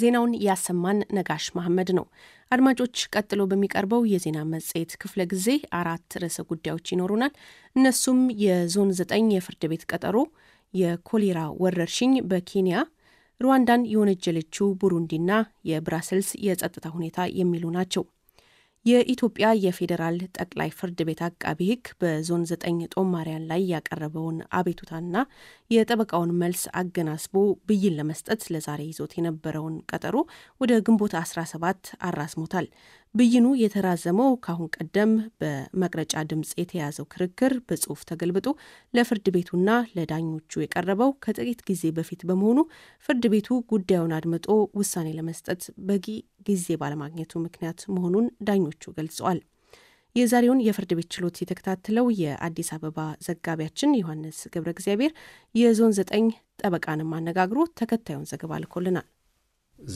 ዜናውን ያሰማን ነጋሽ መሐመድ ነው። አድማጮች፣ ቀጥሎ በሚቀርበው የዜና መጽሔት ክፍለ ጊዜ አራት ርዕሰ ጉዳዮች ይኖሩናል። እነሱም የዞን ዘጠኝ የፍርድ ቤት ቀጠሮ፣ የኮሌራ ወረርሽኝ በኬንያ ሩዋንዳን የወነጀለችው ቡሩንዲና የብራሰልስ የጸጥታ ሁኔታ የሚሉ ናቸው። የኢትዮጵያ የፌዴራል ጠቅላይ ፍርድ ቤት አቃቢ ሕግ በዞን ዘጠኝ ጦማሪያን ላይ ያቀረበውን አቤቱታና የጠበቃውን መልስ አገናስቦ ብይን ለመስጠት ለዛሬ ይዞት የነበረውን ቀጠሮ ወደ ግንቦት 17 አራዝሞታል። ብይኑ የተራዘመው ከአሁን ቀደም በመቅረጫ ድምፅ የተያዘው ክርክር በጽሁፍ ተገልብጦ ለፍርድ ቤቱና ለዳኞቹ የቀረበው ከጥቂት ጊዜ በፊት በመሆኑ ፍርድ ቤቱ ጉዳዩን አድምጦ ውሳኔ ለመስጠት በጊ ጊዜ ባለማግኘቱ ምክንያት መሆኑን ዳኞቹ ገልጸዋል። የዛሬውን የፍርድ ቤት ችሎት የተከታተለው የአዲስ አበባ ዘጋቢያችን ዮሐንስ ገብረ እግዚአብሔር የዞን ዘጠኝ ጠበቃንም አነጋግሮ ተከታዩን ዘገባ ልኮልናል።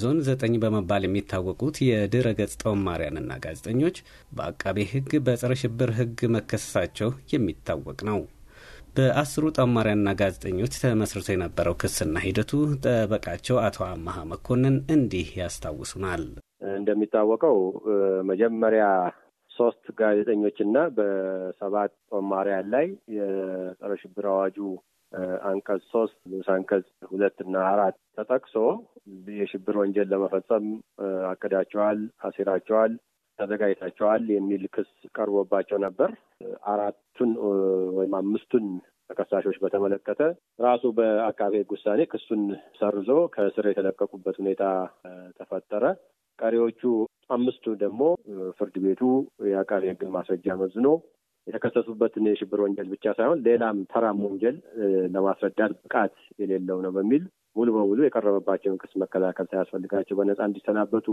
ዞን ዘጠኝ በመባል የሚታወቁት የድረ ገጽ ተወማሪያንና ጋዜጠኞች በአቃቤ ሕግ በጸረ ሽብር ሕግ መከሰሳቸው የሚታወቅ ነው። በአስሩ ጠማሪያና ጋዜጠኞች ተመስርቶ የነበረው ክስና ሂደቱ ጠበቃቸው አቶ አመሀ መኮንን እንዲህ ያስታውሱናል። እንደሚታወቀው መጀመሪያ ሶስት ጋዜጠኞችና በሰባት ጦማሪያን ላይ የጸረ ሽብር አዋጁ አንቀጽ ሶስት ንዑስ አንቀጽ ሁለት እና አራት ተጠቅሶ የሽብር ወንጀል ለመፈጸም አቅዳቸዋል፣ አሲራቸዋል፣ ተዘጋጅታቸዋል የሚል ክስ ቀርቦባቸው ነበር። አራቱን ወይም አምስቱን ተከሳሾች በተመለከተ ራሱ በአቃቤ ሕግ ውሳኔ ክሱን ሰርዞ ከእስር የተለቀቁበት ሁኔታ ተፈጠረ። ቀሪዎቹ አምስቱ ደግሞ ፍርድ ቤቱ የአቃቤ ሕግን ማስረጃ መዝኖ የተከሰሱበትን የሽብር ወንጀል ብቻ ሳይሆን ሌላም ተራም ወንጀል ለማስረዳት ብቃት የሌለው ነው በሚል ሙሉ በሙሉ የቀረበባቸውን ክስ መከላከል ሳያስፈልጋቸው በነጻ እንዲሰናበቱ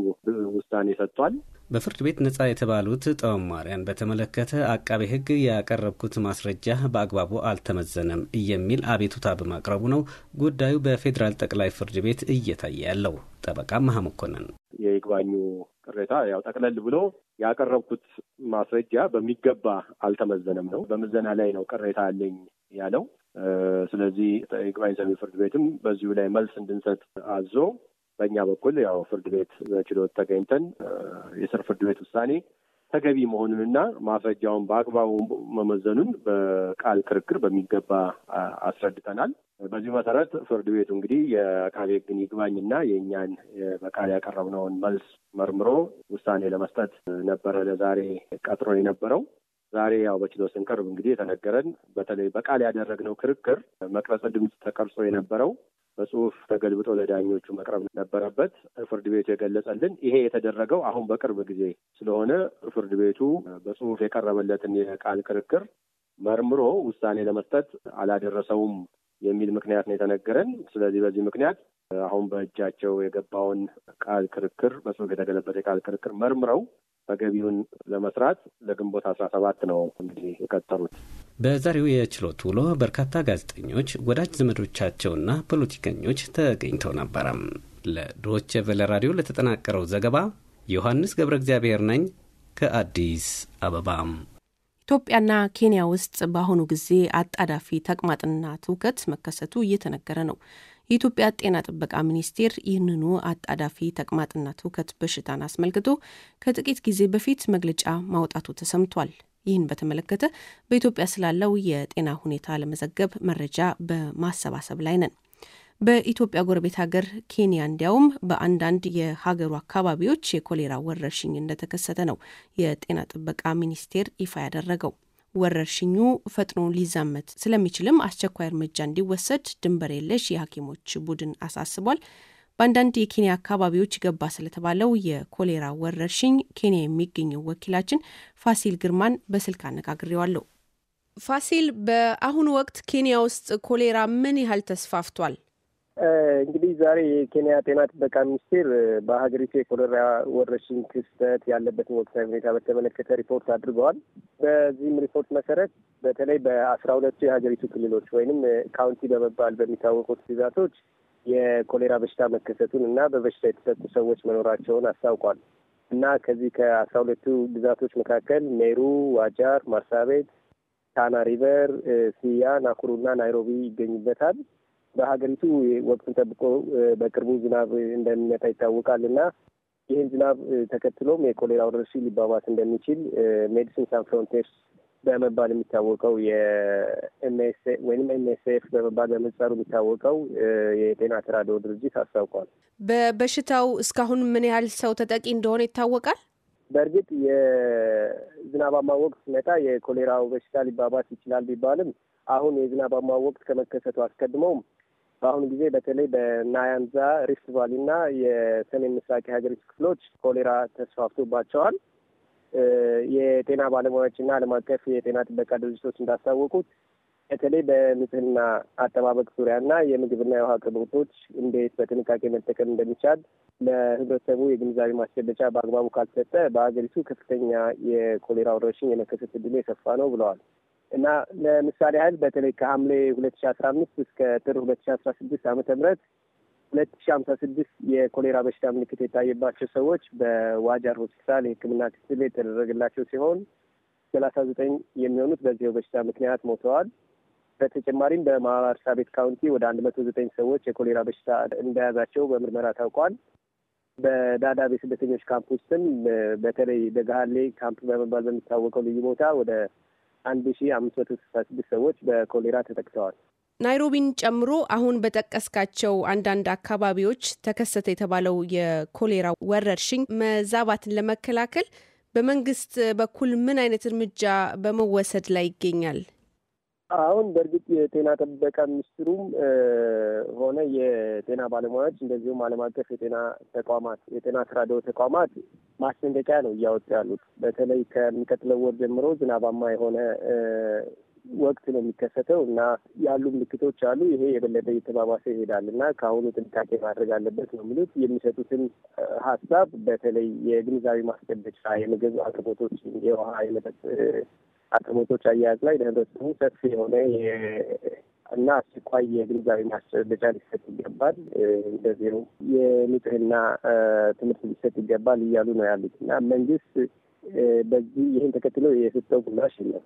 ውሳኔ ሰጥቷል። በፍርድ ቤት ነጻ የተባሉት ማርያን በተመለከተ አቃቤ ሕግ ያቀረብኩት ማስረጃ በአግባቡ አልተመዘነም የሚል አቤቱታ በማቅረቡ ነው ጉዳዩ በፌዴራል ጠቅላይ ፍርድ ቤት እየታየ ያለው። ጠበቃ መሀ መኮንን የይግባኙ ቅሬታ ያው ጠቅለል ብሎ ያቀረብኩት ማስረጃ በሚገባ አልተመዘነም ነው፣ በምዘና ላይ ነው ቅሬታ ያለኝ ያለው ስለዚህ ይግባኝ ሰሚ ፍርድ ቤትም በዚሁ ላይ መልስ እንድንሰጥ አዞ በእኛ በኩል ያው ፍርድ ቤት በችሎት ተገኝተን የስር ፍርድ ቤት ውሳኔ ተገቢ መሆኑንና ማስረጃውን በአግባቡ መመዘኑን በቃል ክርክር በሚገባ አስረድተናል። በዚሁ መሰረት ፍርድ ቤቱ እንግዲህ የአቃቤ ሕግን ይግባኝና የእኛን በቃል ያቀረብነውን መልስ መርምሮ ውሳኔ ለመስጠት ነበረ ለዛሬ ቀጥሮ የነበረው። ዛሬ ያው በችሎት ስንቀርብ እንግዲህ የተነገረን በተለይ በቃል ያደረግነው ክርክር መቅረጸ ድምፅ ተቀርጾ የነበረው በጽሁፍ ተገልብጦ ለዳኞቹ መቅረብ ነበረበት። ፍርድ ቤቱ የገለጸልን ይሄ የተደረገው አሁን በቅርብ ጊዜ ስለሆነ ፍርድ ቤቱ በጽሁፍ የቀረበለትን የቃል ክርክር መርምሮ ውሳኔ ለመስጠት አላደረሰውም የሚል ምክንያት ነው የተነገረን። ስለዚህ በዚህ ምክንያት አሁን በእጃቸው የገባውን ቃል ክርክር በጽሁፍ የተገለበት የቃል ክርክር መርምረው መገቢውን ለመስራት ለግንቦት አስራ ሰባት ነው እንግዲህ የቀጠሩት። በዛሬው የችሎት ውሎ በርካታ ጋዜጠኞች፣ ወዳጅ ዘመዶቻቸውና ፖለቲከኞች ተገኝተው ነበረም። ለዶቼ ቬለ ራዲዮ ለተጠናቀረው ዘገባ ዮሐንስ ገብረ እግዚአብሔር ነኝ ከአዲስ አበባም። ኢትዮጵያና ኬንያ ውስጥ በአሁኑ ጊዜ አጣዳፊ ተቅማጥና ትውከት መከሰቱ እየተነገረ ነው። የኢትዮጵያ ጤና ጥበቃ ሚኒስቴር ይህንኑ አጣዳፊ ተቅማጥና ትውከት በሽታን አስመልክቶ ከጥቂት ጊዜ በፊት መግለጫ ማውጣቱ ተሰምቷል። ይህን በተመለከተ በኢትዮጵያ ስላለው የጤና ሁኔታ ለመዘገብ መረጃ በማሰባሰብ ላይ ነን። በኢትዮጵያ ጎረቤት ሀገር ኬንያ እንዲያውም በአንዳንድ የሀገሩ አካባቢዎች የኮሌራ ወረርሽኝ እንደተከሰተ ነው የጤና ጥበቃ ሚኒስቴር ይፋ ያደረገው። ወረርሽኙ ፈጥኖ ሊዛመት ስለሚችልም አስቸኳይ እርምጃ እንዲወሰድ ድንበር የለሽ የሐኪሞች ቡድን አሳስቧል። በአንዳንድ የኬንያ አካባቢዎች ገባ ስለተባለው የኮሌራ ወረርሽኝ ኬንያ የሚገኘው ወኪላችን ፋሲል ግርማን በስልክ አነጋግሬዋለሁ። ፋሲል፣ በአሁኑ ወቅት ኬንያ ውስጥ ኮሌራ ምን ያህል ተስፋፍቷል? እንግዲህ ዛሬ የኬንያ ጤና ጥበቃ ሚኒስቴር በሀገሪቱ የኮሌራ ወረርሽኝ ክስተት ያለበትን ወቅታዊ ሁኔታ በተመለከተ ሪፖርት አድርገዋል። በዚህም ሪፖርት መሰረት በተለይ በአስራ ሁለቱ የሀገሪቱ ክልሎች ወይንም ካውንቲ በመባል በሚታወቁት ግዛቶች የኮሌራ በሽታ መከሰቱን እና በበሽታ የተጠቁ ሰዎች መኖራቸውን አስታውቋል እና ከዚህ ከአስራ ሁለቱ ግዛቶች መካከል ሜሩ፣ ዋጃር፣ ማርሳቤት፣ ታና ሪቨር፣ ሲያ፣ ናኩሩ እና ናይሮቢ ይገኙበታል። በሀገሪቱ ወቅቱን ጠብቆ በቅርቡ ዝናብ እንደሚመጣ ይታወቃል እና ይህን ዝናብ ተከትሎም የኮሌራ ወረርሽኝ ሊባባስ እንደሚችል ሜዲሲን ሳን ፍሮንቴርስ በመባል የሚታወቀው የኤምኤስ ወይም ኤምኤስኤፍ በመባል በምህጻሩ የሚታወቀው የጤና ተራድኦ ድርጅት አስታውቋል። በበሽታው እስካሁን ምን ያህል ሰው ተጠቂ እንደሆነ ይታወቃል? በእርግጥ የዝናባማ ወቅት ሲመጣ የኮሌራው በሽታ ሊባባስ ይችላል ቢባልም አሁን የዝናባማ ወቅት ከመከሰቱ አስቀድመውም በአሁኑ ጊዜ በተለይ በናያንዛ ሪፍት ቫሊና የሰሜን ምስራቅ የሀገሪቱ ክፍሎች ኮሌራ ተስፋፍቶባቸዋል። የጤና ባለሙያዎች ና ዓለም አቀፍ የጤና ጥበቃ ድርጅቶች እንዳስታወቁት በተለይ በንጽህና አጠባበቅ ዙሪያና የምግብና የውሃ አቅርቦቶች እንዴት በጥንቃቄ መጠቀም እንደሚቻል ለህብረተሰቡ የግንዛቤ ማስጨበጫ በአግባቡ ካልተሰጠ በሀገሪቱ ከፍተኛ የኮሌራ ወረርሽኝ የመከሰት እድሉ የሰፋ ነው ብለዋል። እና ለምሳሌ ያህል በተለይ ከሐምሌ ሁለት ሺ አስራ አምስት እስከ ጥር ሁለት ሺ አስራ ስድስት ዓመተ ምህረት ሁለት ሺ ሀምሳ ስድስት የኮሌራ በሽታ ምልክት የታየባቸው ሰዎች በዋጃር ሆስፒታል የሕክምና ክትትል የተደረገላቸው ሲሆን ሰላሳ ዘጠኝ የሚሆኑት በዚህ በሽታ ምክንያት ሞተዋል። በተጨማሪም በማር ቤት ካውንቲ ወደ አንድ መቶ ዘጠኝ ሰዎች የኮሌራ በሽታ እንደያዛቸው በምርመራ ታውቋል። በዳዳቤ ስደተኞች ካምፕ ውስጥም በተለይ ደጋሃሌ ካምፕ በመባል በሚታወቀው ልዩ ቦታ ወደ አንድ ሺ አምስት መቶ ስልሳ ስድስት ሰዎች በኮሌራ ተጠቅተዋል። ናይሮቢን ጨምሮ አሁን በጠቀስካቸው አንዳንድ አካባቢዎች ተከሰተ የተባለው የኮሌራ ወረርሽኝ መዛባትን ለመከላከል በመንግስት በኩል ምን አይነት እርምጃ በመወሰድ ላይ ይገኛል? አሁን በእርግጥ የጤና ጥበቃ ሚኒስትሩም ሆነ የጤና ባለሙያዎች እንደዚሁም ዓለም አቀፍ የጤና ተቋማት የጤና ስራ ተቋማት ማስጠንቀቂያ ነው እያወጡ ያሉት። በተለይ ከሚቀጥለው ወር ጀምሮ ዝናባማ የሆነ ወቅት ነው የሚከሰተው እና ያሉ ምልክቶች አሉ። ይሄ የበለጠ እየተባባሰ ይሄዳል እና ከአሁኑ ጥንቃቄ ማድረግ አለበት ነው የሚሉት። የሚሰጡትን ሀሳብ በተለይ የግንዛቤ ማስጨበጫ፣ የምግብ አቅርቦቶች፣ የውሃ የመጠጥ አቅርቦቶች አያያዝ ላይ ለህብረተሰቡ ሰፊ የሆነ እና አስቸኳይ የግንዛቤ ማስጨበጫ ሊሰጥ ይገባል፣ እንደዚህ ነው የንጽህና ትምህርት ሊሰጥ ይገባል እያሉ ነው ያሉት እና መንግስት በዚህ ይህን ተከትሎ የሰጠው ጉላሽ ነው።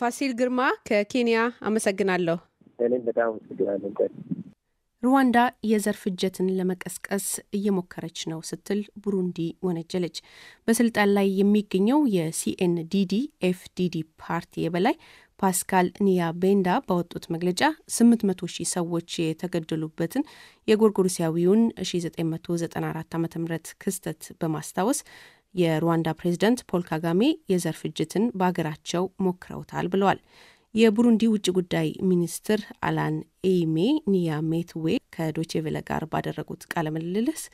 ፋሲል ግርማ ከኬንያ አመሰግናለሁ። እኔም በጣም አመሰግናለሁ። ሩዋንዳ የዘር ፍጀትን ለመቀስቀስ እየሞከረች ነው ስትል ቡሩንዲ ወነጀለች። በስልጣን ላይ የሚገኘው የሲኤንዲዲ ኤፍዲዲ ፓርቲ የበላይ ፓስካል ኒያ ቤንዳ ባወጡት መግለጫ 800 ሺህ ሰዎች የተገደሉበትን የጎርጎርሲያዊውን 1994 ዓ ም ክስተት በማስታወስ የሩዋንዳ ፕሬዝደንት ፖል ካጋሜ የዘር ፍጅትን በሀገራቸው ሞክረውታል ብለዋል። የቡሩንዲ ውጭ ጉዳይ ሚኒስትር አላን ኤይሜ ኒያ ሜትዌ ከዶቼቬለ ጋር ባደረጉት ቃለ ምልልስ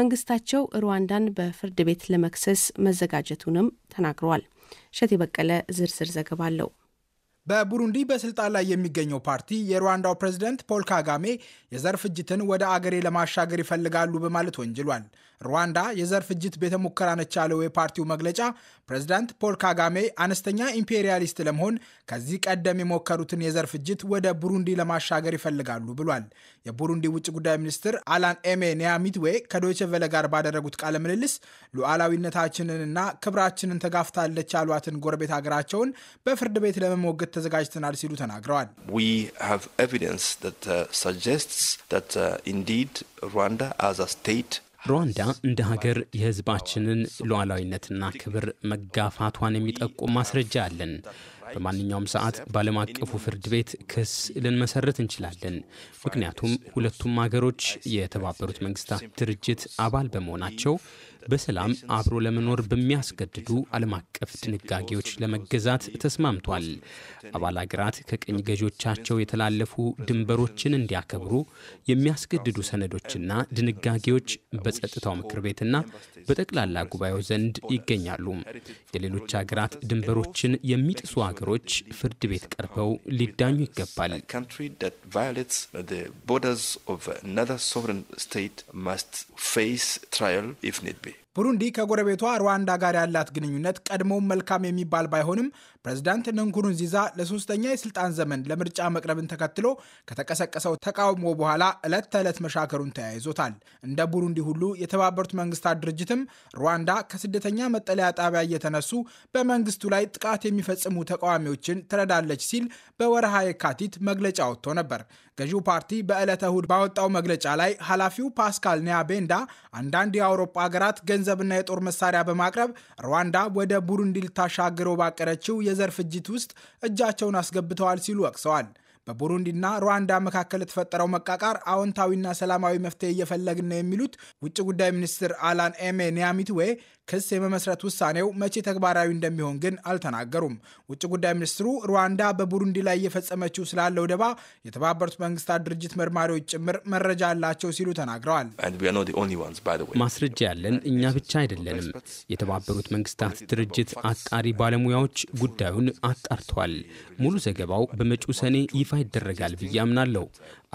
መንግስታቸው ሩዋንዳን በፍርድ ቤት ለመክሰስ መዘጋጀቱንም ተናግረዋል። እሸቴ በቀለ ዝርዝር ዘገባ አለው። በቡሩንዲ በስልጣን ላይ የሚገኘው ፓርቲ የሩዋንዳው ፕሬዝደንት ፖል ካጋሜ የዘር ፍጅትን ወደ አገሬ ለማሻገር ይፈልጋሉ በማለት ወንጅሏል። ሩዋንዳ የዘር ፍጅት ቤተ ሙከራ ነች ያለው የፓርቲው መግለጫ ፕሬዚዳንት ፖል ካጋሜ አነስተኛ ኢምፔሪያሊስት ለመሆን ከዚህ ቀደም የሞከሩትን የዘር ፍጅት ወደ ቡሩንዲ ለማሻገር ይፈልጋሉ ብሏል። የቡሩንዲ ውጭ ጉዳይ ሚኒስትር አላን ኤሜ ኒያሚትዌ ከዶይቼ ቬለ ጋር ባደረጉት ቃለ ምልልስ ሉዓላዊነታችንንና ክብራችንን ተጋፍታለች ያሏትን ጎረቤት ሀገራቸውን በፍርድ ቤት ለመሞገት ተዘጋጅተናል ሲሉ ተናግረዋል። ሩዋንዳ ሩዋንዳ እንደ ሀገር የህዝባችንን ሉዓላዊነትና ክብር መጋፋቷን የሚጠቁም ማስረጃ አለን። በማንኛውም ሰዓት በዓለም አቀፉ ፍርድ ቤት ክስ ልንመሰርት እንችላለን። ምክንያቱም ሁለቱም ሀገሮች የተባበሩት መንግስታት ድርጅት አባል በመሆናቸው በሰላም አብሮ ለመኖር በሚያስገድዱ ዓለም አቀፍ ድንጋጌዎች ለመገዛት ተስማምቷል። አባል አገራት ከቅኝ ገዢዎቻቸው የተላለፉ ድንበሮችን እንዲያከብሩ የሚያስገድዱ ሰነዶችና ድንጋጌዎች በጸጥታው ምክር ቤትና በጠቅላላ ጉባኤው ዘንድ ይገኛሉ። የሌሎች ሀገራት ድንበሮችን የሚጥሱ ሀገሮች ፍርድ ቤት ቀርበው ሊዳኙ ይገባል። ቦርደርስ ኦፍ አናዘር ሶቨረን ስቴት ማስት ፌስ ትራያል ኢፍ ኒድ ቢ ቡሩንዲ ከጎረቤቷ ሩዋንዳ ጋር ያላት ግንኙነት ቀድሞውን መልካም የሚባል ባይሆንም ፕሬዚዳንት ንንኩሩንዚዛ ለሶስተኛ የስልጣን ዘመን ለምርጫ መቅረብን ተከትሎ ከተቀሰቀሰው ተቃውሞ በኋላ ዕለት ተዕለት መሻከሩን ተያይዞታል። እንደ ቡሩንዲ ሁሉ የተባበሩት መንግስታት ድርጅትም ሩዋንዳ ከስደተኛ መጠለያ ጣቢያ እየተነሱ በመንግስቱ ላይ ጥቃት የሚፈጽሙ ተቃዋሚዎችን ትረዳለች ሲል በወረሃ የካቲት መግለጫ ወጥቶ ነበር። ገዢው ፓርቲ በዕለተ እሁድ ባወጣው መግለጫ ላይ ኃላፊው ፓስካል ኒያቤንዳ አንዳንድ የአውሮፓ ሀገራት ገ። ገንዘብና የጦር መሳሪያ በማቅረብ ሩዋንዳ ወደ ቡሩንዲ ልታሻግረው ባቀረችው የዘር ፍጅት ውስጥ እጃቸውን አስገብተዋል ሲሉ ወቅሰዋል። በቡሩንዲና ሩዋንዳ መካከል የተፈጠረው መቃቃር አዎንታዊና ሰላማዊ መፍትሄ እየፈለግን ነው የሚሉት ውጭ ጉዳይ ሚኒስትር አላን ኤሜ ኒያሚትዌ ክስ የመመስረት ውሳኔው መቼ ተግባራዊ እንደሚሆን ግን አልተናገሩም። ውጭ ጉዳይ ሚኒስትሩ ሩዋንዳ በቡሩንዲ ላይ እየፈጸመችው ስላለው ደባ የተባበሩት መንግስታት ድርጅት መርማሪዎች ጭምር መረጃ አላቸው ሲሉ ተናግረዋል። ማስረጃ ያለን እኛ ብቻ አይደለንም። የተባበሩት መንግስታት ድርጅት አጣሪ ባለሙያዎች ጉዳዩን አጣርተዋል። ሙሉ ዘገባው በመጪው ሰኔ ይፋ ይደረጋል ብዬ አምናለሁ።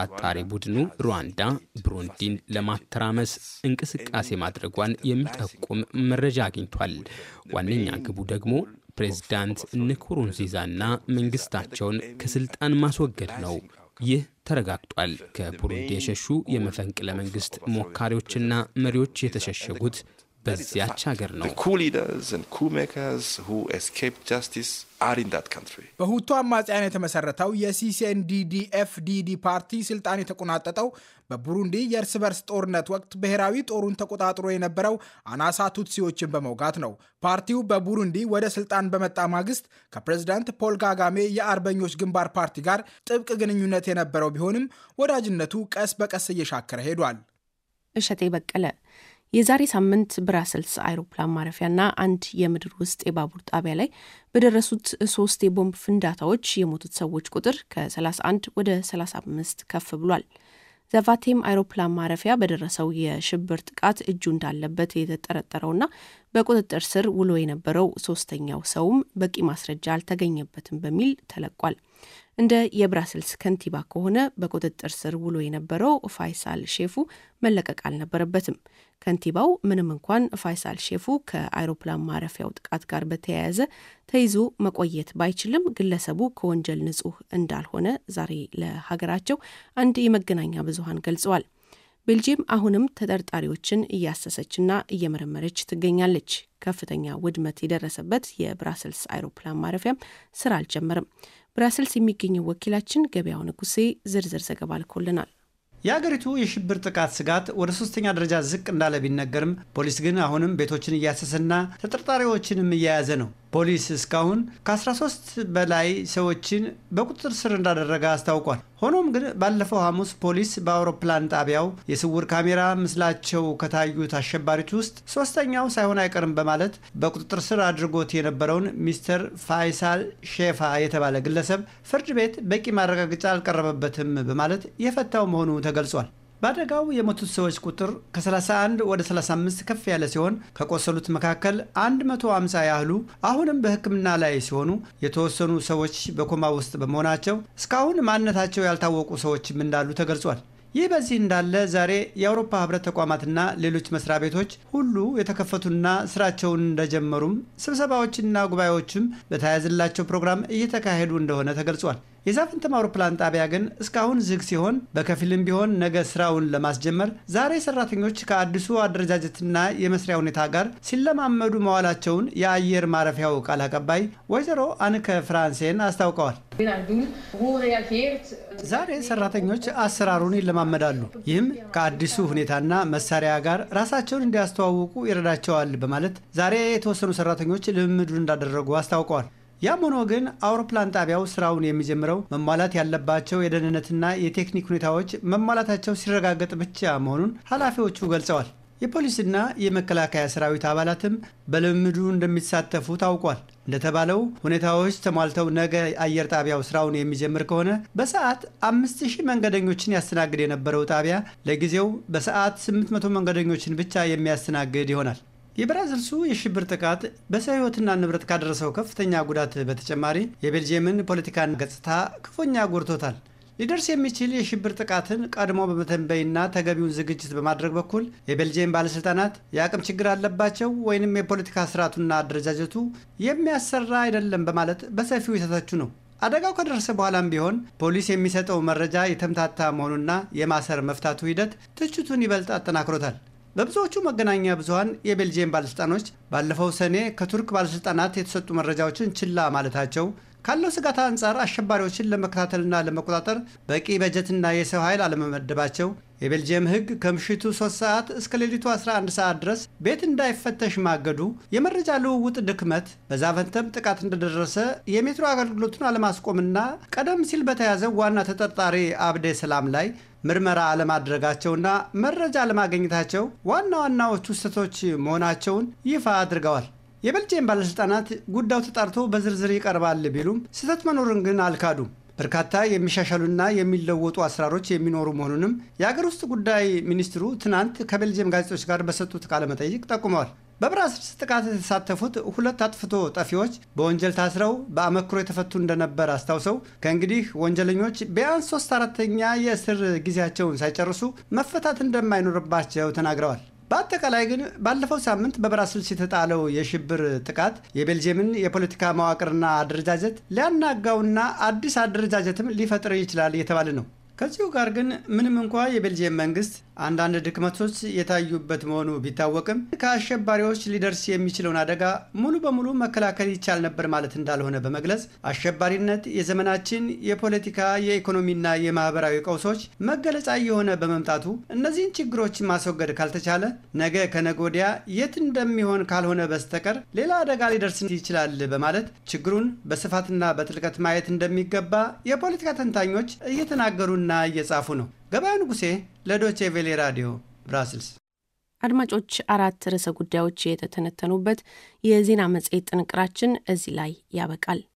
አጣሪ ቡድኑ ሩዋንዳ ብሩንዲን ለማተራመስ እንቅስቃሴ ማድረጓን የሚጠቁም መረጃ አግኝቷል። ዋነኛ ግቡ ደግሞ ፕሬዝዳንት ንኩሩንዚዛና መንግስታቸውን ከስልጣን ማስወገድ ነው። ይህ ተረጋግጧል። ከቡሩንዲ የሸሹ የመፈንቅለ መንግስት ሞካሪዎችና መሪዎች የተሸሸጉት በዚያች ሀገር ነው። በሁቱ አማጽያን የተመሰረተው የሲሴንዲዲኤፍዲዲ ፓርቲ ስልጣን የተቆናጠጠው በቡሩንዲ የእርስ በርስ ጦርነት ወቅት ብሔራዊ ጦሩን ተቆጣጥሮ የነበረው አናሳ ቱትሲዎችን በመውጋት ነው። ፓርቲው በቡሩንዲ ወደ ስልጣን በመጣ ማግስት ከፕሬዚዳንት ፖል ጋጋሜ የአርበኞች ግንባር ፓርቲ ጋር ጥብቅ ግንኙነት የነበረው ቢሆንም ወዳጅነቱ ቀስ በቀስ እየሻከረ ሄዷል። እሸቴ በቀለ የዛሬ ሳምንት ብራሰልስ አይሮፕላን ማረፊያና አንድ የምድር ውስጥ የባቡር ጣቢያ ላይ በደረሱት ሶስት የቦምብ ፍንዳታዎች የሞቱት ሰዎች ቁጥር ከ31 ወደ 35 ከፍ ብሏል። ዘቫቴም አይሮፕላን ማረፊያ በደረሰው የሽብር ጥቃት እጁ እንዳለበት የተጠረጠረውና በቁጥጥር ስር ውሎ የነበረው ሶስተኛው ሰውም በቂ ማስረጃ አልተገኘበትም በሚል ተለቋል። እንደ የብራስልስ ከንቲባ ከሆነ በቁጥጥር ስር ውሎ የነበረው ፋይሳል ሼፉ መለቀቅ አልነበረበትም። ከንቲባው ምንም እንኳን ፋይሳል ሼፉ ከአይሮፕላን ማረፊያው ጥቃት ጋር በተያያዘ ተይዞ መቆየት ባይችልም ግለሰቡ ከወንጀል ንጹህ እንዳልሆነ ዛሬ ለሀገራቸው አንድ የመገናኛ ብዙሃን ገልጸዋል። ቤልጅየም አሁንም ተጠርጣሪዎችን እያሰሰችና እየመረመረች ትገኛለች። ከፍተኛ ውድመት የደረሰበት የብራሰልስ አይሮፕላን ማረፊያም ስራ አልጀመርም። ብራስልስ የሚገኘው ወኪላችን ገበያው ንጉሴ ዝርዝር ዘገባ ልኮልናል። የአገሪቱ የሽብር ጥቃት ስጋት ወደ ሶስተኛ ደረጃ ዝቅ እንዳለ ቢነገርም ፖሊስ ግን አሁንም ቤቶችን እያሰሰና ተጠርጣሪዎችንም እያያዘ ነው። ፖሊስ እስካሁን ከ13 በላይ ሰዎችን በቁጥጥር ስር እንዳደረገ አስታውቋል። ሆኖም ግን ባለፈው ሐሙስ ፖሊስ በአውሮፕላን ጣቢያው የስውር ካሜራ ምስላቸው ከታዩት አሸባሪት ውስጥ ሶስተኛው ሳይሆን አይቀርም በማለት በቁጥጥር ስር አድርጎት የነበረውን ሚስተር ፋይሳል ሼፋ የተባለ ግለሰብ ፍርድ ቤት በቂ ማረጋገጫ አልቀረበበትም በማለት የፈታው መሆኑ ተገልጿል። በአደጋው የሞቱት ሰዎች ቁጥር ከ31 ወደ 35 ከፍ ያለ ሲሆን ከቆሰሉት መካከል 150 ያህሉ አሁንም በሕክምና ላይ ሲሆኑ የተወሰኑ ሰዎች በኮማ ውስጥ በመሆናቸው እስካሁን ማንነታቸው ያልታወቁ ሰዎችም እንዳሉ ተገልጿል። ይህ በዚህ እንዳለ ዛሬ የአውሮፓ ህብረት ተቋማትና ሌሎች መስሪያ ቤቶች ሁሉ የተከፈቱና ስራቸውን እንደጀመሩም ስብሰባዎችና ጉባኤዎችም በተያያዘላቸው ፕሮግራም እየተካሄዱ እንደሆነ ተገልጿል። የዛፍንተም አውሮፕላን ጣቢያ ግን እስካሁን ዝግ ሲሆን በከፊልም ቢሆን ነገ ስራውን ለማስጀመር ዛሬ ሰራተኞች ከአዲሱ አደረጃጀትና የመስሪያ ሁኔታ ጋር ሲለማመዱ መዋላቸውን የአየር ማረፊያው ቃል አቀባይ ወይዘሮ አንከ ፍራንሴን አስታውቀዋል። ዛሬ ሰራተኞች አሰራሩን ይለማመዳሉ። ይህም ከአዲሱ ሁኔታና መሳሪያ ጋር ራሳቸውን እንዲያስተዋውቁ ይረዳቸዋል በማለት ዛሬ የተወሰኑ ሰራተኞች ልምምዱን እንዳደረጉ አስታውቀዋል። ያም ሆኖ ግን አውሮፕላን ጣቢያው ስራውን የሚጀምረው መሟላት ያለባቸው የደህንነትና የቴክኒክ ሁኔታዎች መሟላታቸው ሲረጋገጥ ብቻ መሆኑን ኃላፊዎቹ ገልጸዋል። የፖሊስና የመከላከያ ሰራዊት አባላትም በልምምዱ እንደሚሳተፉ ታውቋል። እንደተባለው ሁኔታዎች ተሟልተው ነገ አየር ጣቢያው ስራውን የሚጀምር ከሆነ በሰዓት አምስት ሺህ መንገደኞችን ያስተናግድ የነበረው ጣቢያ ለጊዜው በሰዓት 800 መንገደኞችን ብቻ የሚያስተናግድ ይሆናል። የብራዚልሱ የሽብር ጥቃት በሰው ሕይወትና ንብረት ካደረሰው ከፍተኛ ጉዳት በተጨማሪ የቤልጅየምን ፖለቲካን ገጽታ ክፉኛ ጎድቶታል። ሊደርስ የሚችል የሽብር ጥቃትን ቀድሞ በመተንበይና ተገቢውን ዝግጅት በማድረግ በኩል የቤልጅየም ባለስልጣናት የአቅም ችግር አለባቸው ወይንም የፖለቲካ ስርዓቱና አደረጃጀቱ የሚያሰራ አይደለም በማለት በሰፊው የተተቹ ነው። አደጋው ከደረሰ በኋላም ቢሆን ፖሊስ የሚሰጠው መረጃ የተምታታ መሆኑና የማሰር መፍታቱ ሂደት ትችቱን ይበልጥ አጠናክሮታል። በብዙዎቹ መገናኛ ብዙሀን የቤልጅየም ባለሥልጣኖች ባለፈው ሰኔ ከቱርክ ባለሥልጣናት የተሰጡ መረጃዎችን ችላ ማለታቸው ካለው ስጋት አንጻር አሸባሪዎችን ለመከታተልና ለመቆጣጠር በቂ በጀትና የሰው ኃይል አለመመደባቸው የቤልጅየም ሕግ ከምሽቱ 3 ሰዓት እስከ ሌሊቱ 11 ሰዓት ድረስ ቤት እንዳይፈተሽ ማገዱ፣ የመረጃ ልውውጥ ድክመት፣ በዛ ጥቃት እንደደረሰ የሜትሮ አገልግሎቱን አለማስቆምና ቀደም ሲል በተያዘው ዋና ተጠርጣሪ አብዴ ሰላም ላይ ምርመራ አለማድረጋቸውና መረጃ አለማገኘታቸው ዋና ዋናዎቹ ስህተቶች መሆናቸውን ይፋ አድርገዋል። የቤልጅየም ባለሥልጣናት ጉዳዩ ተጣርቶ በዝርዝር ይቀርባል ቢሉም ስህተት መኖሩን ግን አልካዱም። በርካታ የሚሻሻሉና የሚለወጡ አሰራሮች የሚኖሩ መሆኑንም የአገር ውስጥ ጉዳይ ሚኒስትሩ ትናንት ከቤልጅየም ጋዜጦች ጋር በሰጡት ቃለ መጠይቅ ጠቁመዋል። በብራስልስ ጥቃት የተሳተፉት ሁለት አጥፍቶ ጠፊዎች በወንጀል ታስረው በአመክሮ የተፈቱ እንደነበር አስታውሰው ከእንግዲህ ወንጀለኞች ቢያንስ ሶስት አራተኛ የእስር ጊዜያቸውን ሳይጨርሱ መፈታት እንደማይኖርባቸው ተናግረዋል። በአጠቃላይ ግን ባለፈው ሳምንት በብራስልስ የተጣለው የሽብር ጥቃት የቤልጅየምን የፖለቲካ መዋቅርና አደረጃጀት ሊያናጋውና አዲስ አደረጃጀትም ሊፈጥር ይችላል እየተባለ ነው። ከዚሁ ጋር ግን ምንም እንኳ የቤልጅየም መንግስት አንዳንድ ድክመቶች የታዩበት መሆኑ ቢታወቅም ከአሸባሪዎች ሊደርስ የሚችለውን አደጋ ሙሉ በሙሉ መከላከል ይቻል ነበር ማለት እንዳልሆነ በመግለጽ አሸባሪነት የዘመናችን የፖለቲካ የኢኮኖሚና የማህበራዊ ቀውሶች መገለጫ እየሆነ በመምጣቱ እነዚህን ችግሮች ማስወገድ ካልተቻለ ነገ ከነገ ወዲያ የት እንደሚሆን ካልሆነ በስተቀር ሌላ አደጋ ሊደርስ ይችላል በማለት ችግሩን በስፋትና በጥልቀት ማየት እንደሚገባ የፖለቲካ ተንታኞች እየተናገሩን እየጻፉና እየጻፉ ነው። ገበያ ንጉሴ ለዶቼ ቬሌ ራዲዮ ብራስልስ። አድማጮች፣ አራት ርዕሰ ጉዳዮች የተተነተኑበት የዜና መጽሔት ጥንቅራችን እዚህ ላይ ያበቃል።